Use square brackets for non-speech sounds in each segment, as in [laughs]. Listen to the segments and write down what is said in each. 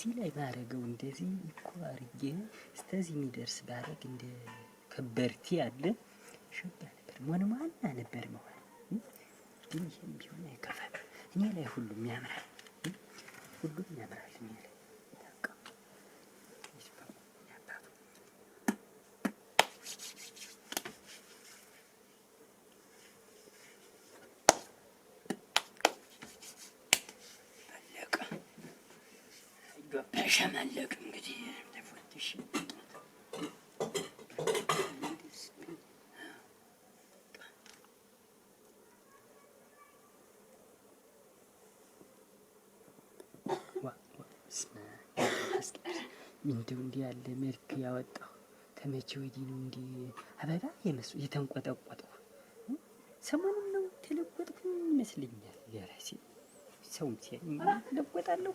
እዚህ ላይ ባረገው እንደዚህ እኮ አርጌ እስከዚህ የሚደርስ ባረግ እንደ ከበርቲ ያለ ሸጋ ነበር። ማና ነበር መሆን ግን ይህም ቢሆን አይከፋል። እኔ ላይ ሁሉም ያምራል፣ ሁሉም ያምራል እኔ ላይ ሸመለቅ እንግዲህ ተፈትሽ እንደው እንዲህ ያለ መልክ ያወጣው ከመቼ ወዲህ ነው? እንዲህ አበባ የመስ የተንቆጠቆጠው ሰሞኑን ነው ተለወጥኩኝ ይመስለኛል። የራሴ ሰውም ሲያኝ ለወጣለሁ።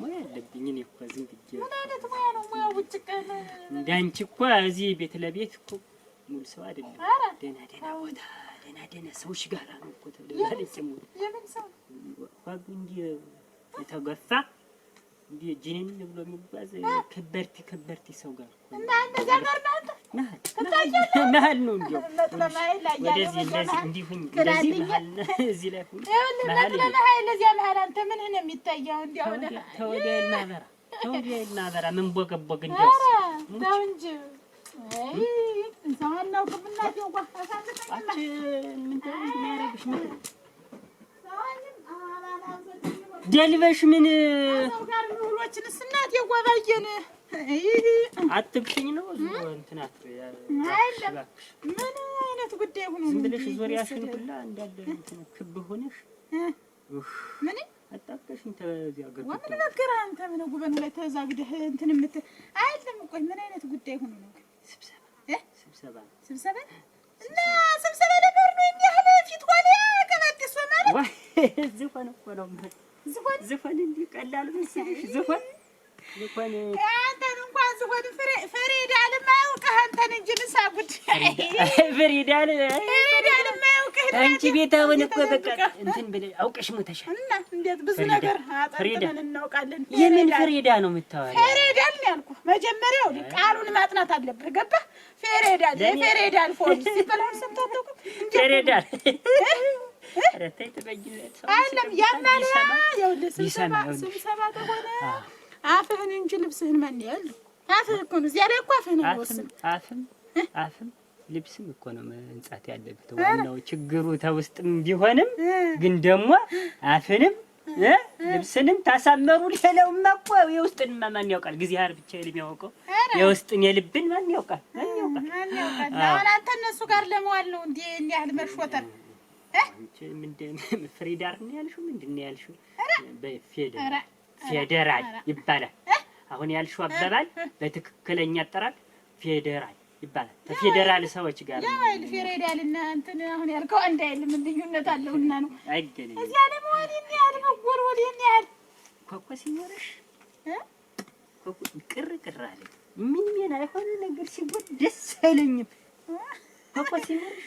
ሙያ አለብኝ እኔ እኮ ዝም ብዬሽ። ምን አይነት ሙያ ነው? ሙያ ውጭ ቀን እንደ አንቺ እኮ እዚህ ቤት ለቤት እኮ ሙሉ ሰው አይደለም። ደህና ደህና ቦታ ደህና ደህና ሰዎች ጋር ነው እኮ ተብላለች። ሙሉ የምን ሰው እንዲህ የተገፋ እንደ ጂኒን ብሎ የሚጓዝ ከበርቲ ከበርቲ ሰው ጋር መሀል ነው። እንደዚህ እንደዚህ [laughs] እዚህ ላይ አንተ ምን ነው የሚታየው? ተወዲያ ይናበራ ተወዲያ ይናበራ ምን ቦገቦግ እንጂ ደልበሽ ምን የሁላችንስ እናት የጓባየን አትብሽኝ ነው እንትን ምን አይነት ጉዳይ ሆኖ ዝም ብለሽ ዙሪያሽን ሁላ እንዳለ ክብ ሆነሽ ምን አጣቀሽኝ ተዚያ ገ ምን ነገር አንተ ምን ጉበን ላይ ተዛግደህ እንትን ምት አይደለም። ቆይ ምን አይነት ጉዳይ ሆኖ ነው? ስብሰባ ስብሰባ ስብሰባ እና ስብሰባ ነበር ነው እንዲህ ያለ ፊት ሆነ ከመጥሶ ማለት [laughs] እዚህ ሆነ ሆነ ዝሆን ዝሆን እንዲህ ቀላል መሰለሽ? ዝሆን ዝሆን አንተን እንኳን ዝሆን ፍሬዳል የማያውቅህ አንተን እንጂ ምሳ ጉድ ፍሬዳል ፍሬዳል የማያውቅህ አንቺ ቤት አሁን እኮ በቃ እንትን ብለሽ አውቀሽ ሞተሻል። እና እንዴት ብዙ ነገር አጠርተን እናውቃለን። የምን ፍሬዳ ነው የምታወሪው? ፍሬዳል ነው ያልኩህ። መጀመሪያው ቃሉን ማጥናት አለብህ። ገባህ? ፍሬዳል ፍሬዳል ፎርድ ሲበላው ሰምተው ፍሬዳል ስብሰባ ከሆነ አፍህን እንጂ ልብስህን ማን ያሉ? አፍህ እኮ ነው እዚያ ላይ እኮ አፍህ ነው የሚወስነው። አፍም አፍም ልብስም እኮ ነው መንጻት ያለበት። ዋናው ችግሩ ተውስጥም ቢሆንም ግን ደግሞ አፍንም ልብስንም ታሳመሩ። ሌላውማ እኮ የውስጥንማ ማን ያውቃል? እግዚአብሔር ብቻ የሚያውቀው የውስጥን የልብን ማን ያውቃል? ማን ያውቃል? አሁን አንተ እነሱ ጋር ለመዋል ነው እንዲህ ያህል መርሾተር ፍሪዳር ነው ያልሽው? ምንድን ነው ያልሽው? ይባላል። አሁን ያልሽው አባባል በትክክለኛ አጠራር ፌዴራል ይባላል። ከፌዴራል ሰዎች ጋር ነው ፌደራል እና እንትን አሁን ያልከው አንድ ምን ልዩነት አለውና ነው አይገኝ እዚያ ደግሞ ወዲህ ያህል መወርወድ ያህል ኮኮ ሲኖርሽ ቅር ቅር አለኝ። ምን ምን አይሆን ነገር ሲጎድ ደስ አይለኝም ኮኮ ሲኖርሽ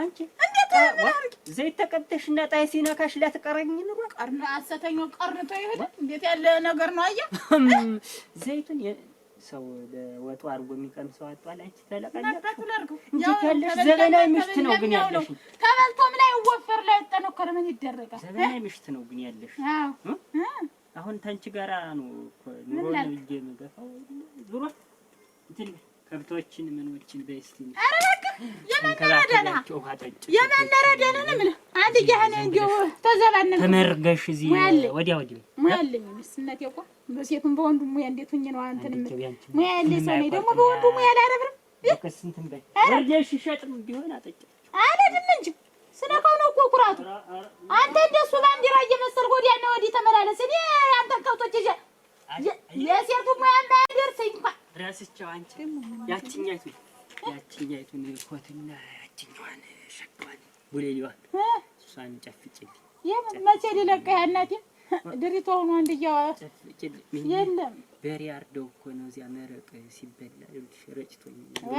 አንቺ እንዴት ምን አድርጊ ዘይት ተቀብተሽ እና ጣይ ሲነካሽ ላትቀረኝ ኑሮ ቀርና አሰተኛው ቀርቶ ይሄድ እንዴት ያለ ነገር ነው። አያ ዘይቱን ሰው ለወጡ አድርጎ የሚቀምሰው አጥቷል። አንቺ ተለቀለቀሽ ያለሽ ዘመናዊ ምሽት ነው ግን ያለሽ። ተበልቶ ምን አይወፈር ላይ ጠነከረ ምን ይደረጋል። ዘመናዊ ምሽት ነው ግን ያለሽ። አዎ አሁን ታንቺ ጋራ ነው ኑሮ ነው ይገመገፋው ዙሮ እንትን ከብቶችን ምኖችን በስቲን ተመርገሽ እዚህ ወዲያ ወዲህ በሴቱም በወንዱ ሙያ እንዴት ነው አንተን ሙያ ሰው ነኝ። ደግሞ በወንዱ ሙያ ከስንትም ሸጥም ቢሆን አጠጭ እንጂ ስነካው ነው እኮ ኩራቱ። አንተ እንደሱ ባንዲራ እየመሰል ወዲያና ወዲህ ተመላለስ። እኔ አንተን ከብቶች ይዤ የሴቱ ሙያ እንዳያደርሰኝ እንኳን ረስቸው አንቺ ያችኛይቱ ያችኛይቱን ኮትና ያችኛዋን ሸክዋን ጉሌሊዋን እሷን ጨፍጭ መቼ ሊለቀ ያናቴ ድሪቶ ሆኖ አንድያዋ የለም በሬ አርደው እኮ ነው እዚያ መረቅ ሲበላ ረጭቶ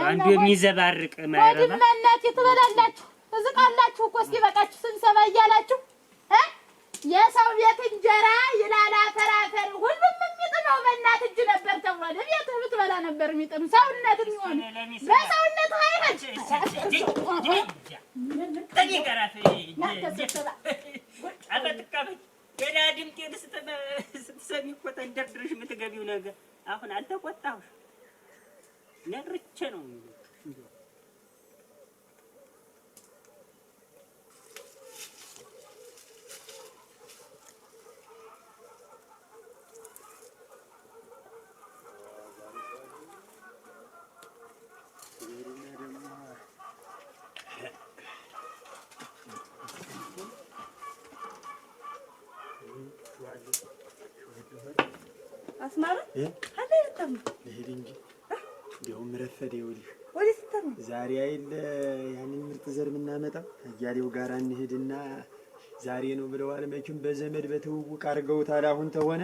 አንዱ የሚዘባርቅ ወዲህ እናቴ ትበላላችሁ እዝቃላችሁ እኮ እስኪበቃችሁ ስብሰባ እያላችሁ የሰው ቤት እንጀራ ይላላ ፈራፈር ሁሉም ነው በእናት እጅ ነበር ተብሏል። እቤት ብትበላ ነበር የሚጥም ሰውነት የሚሆን በሰውነት ገና ድምጤን ስትሰሚ እኮ ተንደርድርሽ የምትገቢው ነገር አሁን አልተቆጣሁሽ ነግርቼ ነው ዛሬ አይደል ያንን ምርጥ ዘር የምናመጣ እያሌው ጋር እንሂድና ዛሬ ነው ብለዋል። መቼም በዘመድ በትውውቅ አድርገውታል። አሁን ተሆነ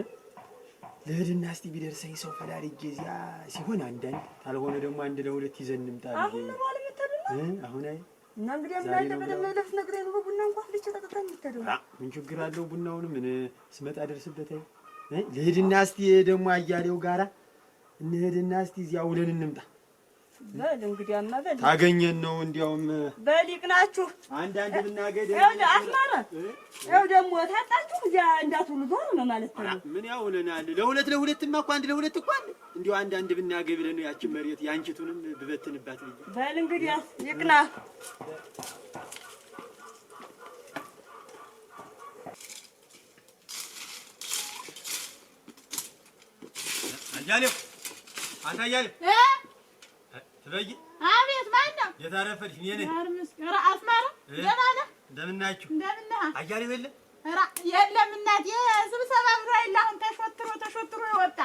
ልሂድና እስኪ ቢደርሰኝ ሰው ፈላልጌ እዚያ ሲሆን አንዳንድ ካልሆነ ደግሞ አንድ ለሁለት ይዘን እንምጣ። አሁን ምን ችግር አለው? ቡናውን ምን ስመጣ ደርስበት ልሂድና እስቲ ደግሞ አያሌው ጋራ እንሂድና እስቲ እዚያ ውለን እንምጣ። በል እንግዲያማ በል ታገኘን ነው። እንዲያውም በሊቅ ናችሁ። አንዳንድ ብናገድ አስማረ ያው ደግሞ ታጣችሁ እዚያ እንዳትውሉ ዞር ነው ማለት ነው። ምን ያው ያውለናል? ለሁለት ለሁለትማ እኮ አንድ ለሁለት እኮ አለ። እንዲያው አንዳንድ ብናገድ ብለን ያችን መሬት ያንቺቱንም ብበትንባት ልጅ በል እንግዲያስ ይቅና አያሌው አንተ አያሌው ትበይ አቤት ማን የታረፈልሽ? እኔ ነኝ። ኧረ እንደምን ናችሁ? አያሌው የለም? የለም እናቴ ስብሰባ ብሎ የለ አሁን ተሾትሮ ተሾትሮ የወጣ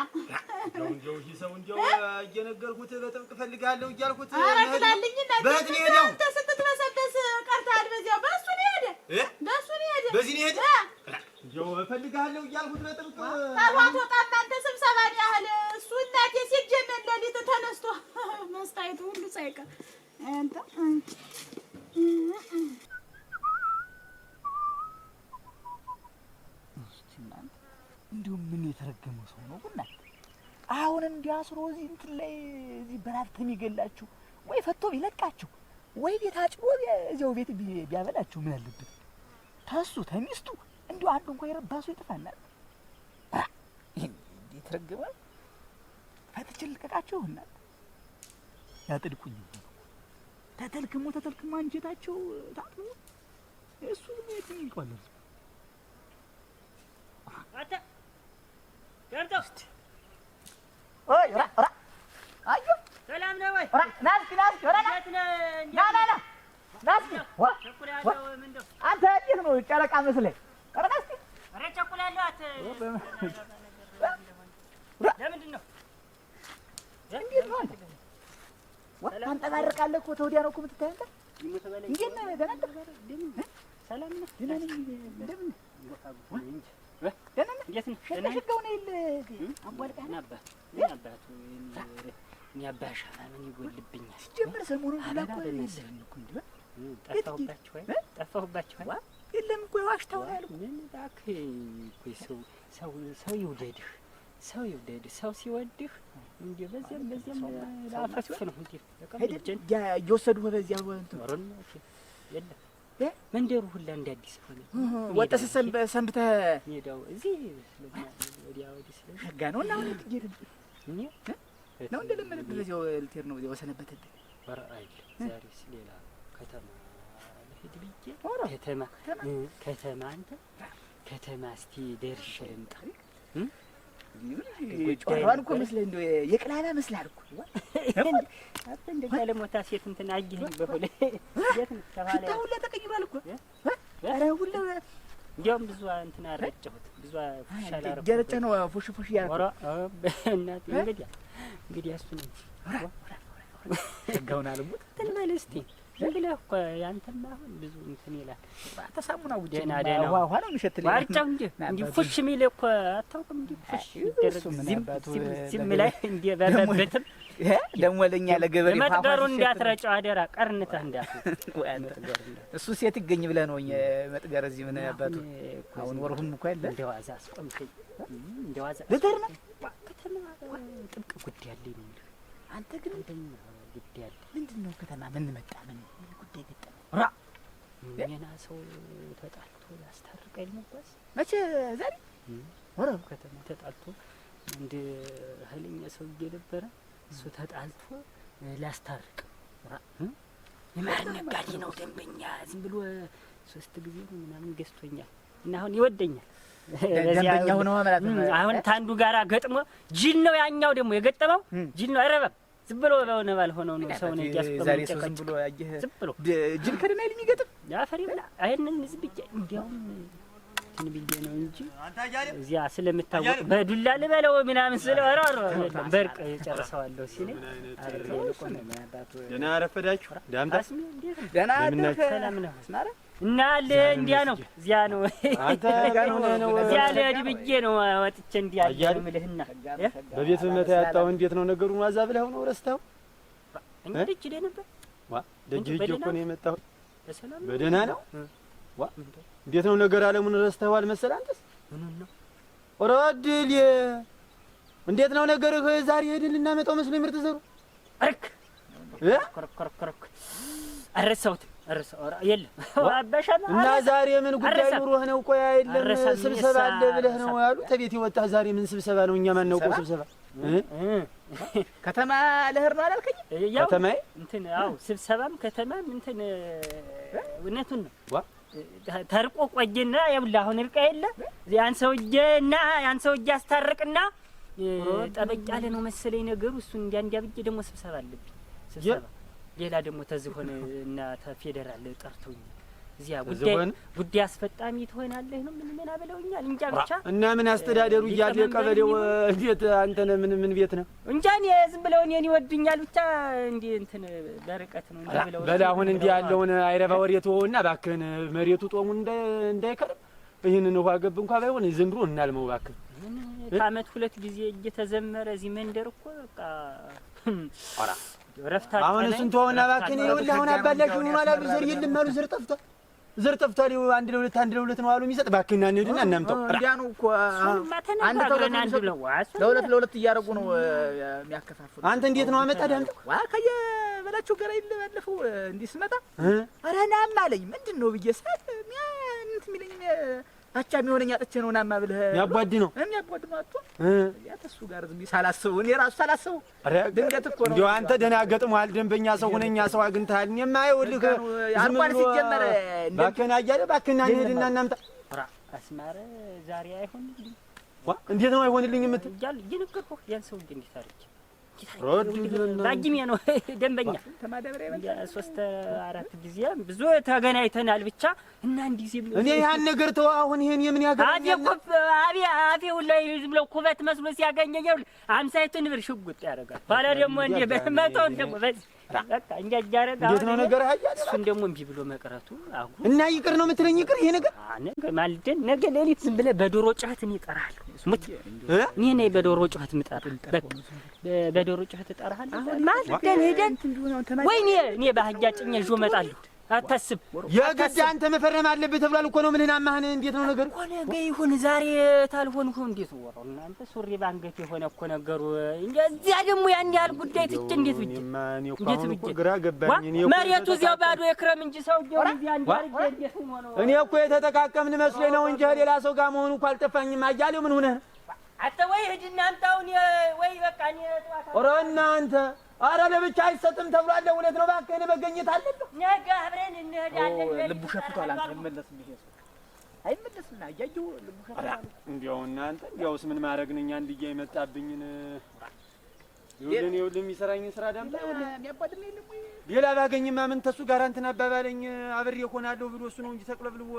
እንደው ይህ ሰው እንደው እየነገርኩት በጥብቅ እፈልጋለሁ እያልኩት ኧረ ግላልኝ እናቴ ነው አንተ ስትበሰበስ ቀርተሃል። በዚያው በእሱ ነው የሄደ በእሱ ነው የሄደ በዚህ ነው የሄደ እፈልግሃለሁ እያልኩት በጥብቅ ታሏቶ ጣናንተ ስብሰባን ያህል እሱ እናቴ ሲጀመር ሌሊት ተነስቶ መስታየቱ ሁሉ ሳይቀር እንዲሁም ምን የተረገመ ሰው ነው ግን አሁን እንዲያስሮ እዚህ እንትን ላይ እዚህ በራፍት የሚገላችሁ ወይ ፈቶ ቢለቃችሁ ወይ ቤት አጭሮ እዚያው ቤት ቢያበላችሁ ምን አለበት? ተሱ ተሚስቱ እንዲሁ አንዱ እንኳ የረባሱ ይጥፋናል። የተረገመ ፈትችን ልቀቃቸው ይሆናል። ያጥድቁኝ ተተልክሞ ተተልክሞ አንጀታቸው ታጥሞ እሱ ምን ይቋል አታ ገርዳውስት ኦይ ራ ራ አዩ ሰላም ነው ወይ? ራ ራ ና ና ና አንተ እንዴት ነው ጨረቃ መስለህ ያሏት ለምንድን ነው? እንዴት ነው? ታንጠባርቃለህ እኮ ተወዲያ ነው እኮ የምትታይ እንዴት ነህ? ደህና ነህ? ሰላም ነህ? ደህና ነህ? እንደምን ደህና ነህ? እንዴት ነህ? ሸጋሽጋው ነው የለ አንቧልቀህ ነበር እኔ አባሻ ምን ይጎልብኛል? ሲጀመር ሰሞኑን ሁላ እኮ ጠፋሁባችሁ ጠፋሁባችሁ። የለም እኮ ዋሽታው ነው ምን እባክህ ሰው ሰው ሰው ይውደድህ፣ ሰው ይውደድህ። ሰው ሲወድህ እንዲህ በዚያም በዚያም ላፈፍ ነው እንዲህ አይደል? እየወሰዱህ በዚያ እንትን ኧረ የለም መንደሩ ሁላ እንደ አዲስ ሆነ። ወጥተህ ሰንብተህ ሜዳው እዚህ ወዲያ ወዲህ ስለዚህ ሸጋ ነው እና አሁን የት እየሄድን ነው? እንደለመደብህ በዚያው ልትሄድ ነው? ወዲያ ወሰነበተብህ። ኧረ አይደለም ዛሬስ ሌላ ከተማ ልሂድ ብዬ ከተማ ከተማ አንተ ከተማ እስቲ ደርሼ ልምጣ። ጨዋን እኮ መስለህ እንደው የቅላባ መስልሃል እኮ እንደው ያለሞታ ሴት እንትን አየህ በሁሌ ሽታው ሁላ ተቀይሯል እኮ ኧረ ሁላ እንዲያውም ብዙ እንትን አረጨሁት። ብዙ ሻላረጨ ነው ፉሽ ፉሽ ያረ እናቴ እንግዲህ እንግዲህ እሱ ነው። ጸጋውን አልሙት እንትን ማለት እስቲ ዝም ብለህ እኮ ያንተማ አሁን ብዙ እንትን ይላል። ተሳሙና ውጭ ዋርጫው ፉሽ የሚል እኮ አታውቅም። ፉሽ ዝም ላይ ደግሞ ለእኛ ለገበሬ መጥገሩ እንዳትረጨው አደራ፣ ቀርንተህ [laughs] እሱ ሴት ይገኝ ብለህ ነው መጥገር እዚህ ምን አሁን ወርሁም እኮ ያለ እንደ ዋዛ አስቆምከኝ። እንደ ዋዛ ልደር ነው ከተማ ጥብቅ ጉዳይ አለኝ አንተ ግን ይባል ምንድን ነው? ከተማ ምን መጣ? ምን ጉዳይ ገጠመ? ራ ሜና ሰው ተጣልቶ ላስታርቅ አይመጓዝ መቼ ዛሬ ወረብ ከተማ ተጣልቶ እንደ ኃይለኛ ሰውዬ ነበረ እሱ ተጣልቶ ላስታርቅ የማር ነጋዴ ነው ደንበኛ ዝም ብሎ ሶስት ጊዜ ምናምን ገዝቶኛል እና አሁን ይወደኛል ደንበኛ ሆኖ ማለት ነው። አሁን ታንዱ ጋራ ገጥሞ ጅል ነው ያኛው ደግሞ የገጠመው ጅል ነው አይረበም ዝም ብሎ ለሆነ ባልሆነው ነው ሰውን እያስቆመጨቀጭ ዝም ብሎ ጅል ከደናይል የሚገጥም አይንን ዝም እንዲያውም እንትን ብዬ ነው እንጂ እዚያ ስለምታወቅ በዱላ ልበለው ምናምን ስለው ራሮ በርቅ ጨርሰዋለሁ ሲል ደህና አረፈዳችሁ። ዳምታ ደህና ሰላም ነው እና እንዲያ ነው እዚያ ነው እዚያ ልሄድ ብዬ ነው ወጥቼ እንዲያ ነው ምልህና በቤት መታ ያጣው እንዴት ነው ነገሩ? ማዛ ብለኸው ነው ረስተኸው? እንዴት ይችላል ነበር ዋ ደጅ ብዬ እኮ ነው የመጣሁት። በደህና ነው ዋ እንዴት ነው ነገር አለሙን ረስተኸዋል መሰል አንተስ? ምኑን ነው ወራድል እንዴት ነው ነገር ዛሬ ሄድን ልናመጣው መስሎ ምርት ዘሩ አርክ ኮርኮርኮርክ አረሳሁት የለም እና ዛሬ ምን ጉዳይ ኑሮህ ነው? ቆይ አይደለም ስብሰባ አለ ብለህ ነው ያሉ ተቤት ይወጣ ዛሬ ምን ስብሰባ ነው? እኛ ማን ነው ቆይ ስብሰባ ከተማ ልሄድ ነው አላልከኝ? ከተማ እንትን አው ስብሰባም ከተማም እንትን እውነቱን ነው ዋ ተርቆ ቆጅና የብላ አሁን እርቃ የለ ያን ሰውዬና ያን ሰውዬ አስታርቅና ጠበቅ ያለ ነው መሰለኝ ነገሩ። እሱን እንዲያ እንዲያ ብዬ ደግሞ ስብሰባ አለብኝ። ስብሰባ ሌላ ደግሞ ተዚህ እና ተፌዴራል ጠርቶኛል። እዚያ ጉዳይ ጉዳይ አስፈጣሚ ትሆናለህ ነው ምን ምን አብለውኛል። እንጃ ብቻ እና ምን አስተዳደሩ እያለ ቀበሌው እንዴት አንተ ነህ ምን ምን ቤት ነው እንጃ። እኔ ዝም ብለው እኔን ይወዱኛል ብቻ እንዴ እንትን በርቀት ነው ብለው በላ አሁን እንዲህ ያለውን አይረባ ወሬ ተወውና እባክህን መሬቱ ጦሙን እንዳይከርም ይህንን ውሃ ገብ እንኳ ባይሆን ዝም እናልመው እባክህ። ከአመት ሁለት ጊዜ እየተዘመረ እዚህ መንደር እኮ በቃ አሁን እሱን ተወውና እባክህን ይኸውልህ አሁን አባላሽ ሆኗል። አብዘር ይልም አሉ ስር ጠፍቷል ዘር ጠፍቷል። አንድ ለሁለት አንድ ለሁለት ነው አሉ የሚሰጥ ባክና እንሂድና እናምጣው። እንዲያ ነው እኮ አንድ ተውለን አንድ ለሁለት ለሁለት እያደረጉ ነው የሚያከፋፍሉ። አንተ እንዴት ነው አመጣ ዳምጥ ዋ ከየበላቸው ገራ ይለባለፈው እንዲህ ስመጣ ኧረ ናም አለኝ ምንድን ነው ብዬ ሰት እንትን የሚለኝ አቻ የሚሆነኝ አጥቼ ነው ናማ ብለህ የሚያቧድ ነው የሚያቧድ ነው አቶ ያተሱ ጋር ዝም ሳላስበው እኔ ራሱ ሳላስበው ድንገት እኮ ነው እንዲያው አንተ ደህና ገጥሞሃል። ደንበኛ ሰው ሁነኛ ሰው አግኝተሃል። እኔማ ይኸውልህ አልኳል ሲጀመር እባክህን አያለ እባክህን እንሂድና እናምጣ አስማረ ዛሬ አይሆን እንዴት ነው አይሆንልኝ የምትል እያል እየነገርኩህ ያን ሰው እንዴት አድርጌ ባጅሜ ነው [laughs] ደንበኛ ሶስት አራት ጊዜ ብዙ ተገናኝተናል። ብቻ እና እንዲህ ሲል እኔ ያን ነገር ተው። አሁን ይሄን የምን ያገኘኛል? አፌ ኩበት መስሎ ሲያገኘኛል። አምሳይቱን ብር ሽጉጥ ያደርጋል። ኋላ ደግሞ እንዲህ በመቶ ደግሞ በዚህ እንዴት ነው ነገር እሱን ደግሞ እምቢ ብሎ መቅረቱ እና ይቅር ነው የምትለኝ? ይቅር ይሄ ነገር ማልደን ነገ ሌሊት ዝም ብለህ በዶሮ ጩኸት እኔ እጠራለሁ። ሙት እኔ ነኝ በዶሮ ጩኸት የምጠራህ። በቃ በዶሮ ጩኸት እጠራለሁ። ማልደን ሄደን ወይኔ እኔ ባህጃ ጭኜ እዤ እመጣለሁ አታስብ የግድ አንተ መፈረም አለብህ ተብሏል እኮ ነው። ምንህን አማህን እንዴት ነው ነገር እኮ ነገ ይሁን ዛሬ ታልሆንሁ እንዴት ወራው እናንተ ሱሪ ባንገት የሆነ እኮ ነገሩ። እዚያ ደግሞ ያን ያህል ጉዳይ ትች እንዴት ብዬ እንዴት ብዬ ግራ ገባኝ። መሬቱ እዚያው ባዶ የክረም እንጂ ሰው እኔ እኮ የተጠቃቀምን መስሎኝ ነው እንጂ ሌላ ሰው ጋር መሆኑ እኮ አልጠፋኝም። አያሌው ምን ሆነህ ነው? አተ ወይ ሂድና አንተ ወይ በቃ እኔ ጠዋት ኧረ እናንተ አረ ለብቻ አይሰጥም ተብሎ አለ። እውነት ነው። እባክህ እኔ መገኘት አለብህ። ነገ አብረን እንሄዳለን። ልቡ ሸፍቷል። አንተ አይመለስም፣ ይሄ ሰው አይመለስም። አያየው ልቡ ሸፍቷል። እንዲያው እናንተ እንዲያውስ ምን ማድረግ ነኝ? አንድ እያ የመጣብኝን ይሁልን ይሁልን የሚሰራኝን ስራ ዳምጣ ይሁልን የሚያባድል የለም ወይ ሌላ ባገኝማ ምን ተሱ ጋር እንትን አባባለኝ አብሬ እሆናለሁ ብሎ እሱ ነው እንጂ ተቅለብልቦ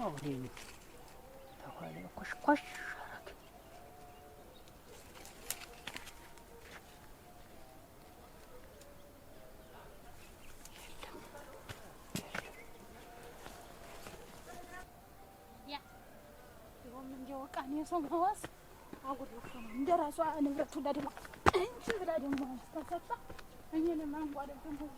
واخدينه حوالي قش قش حركة ቃኔ ሰው መዋስ አጉድ እንደ ራሷ ንብረቱ ለድማ እንጂ ብላ ደግሞ ስታሰጣ እኔንም አንጓደብን ህዝብ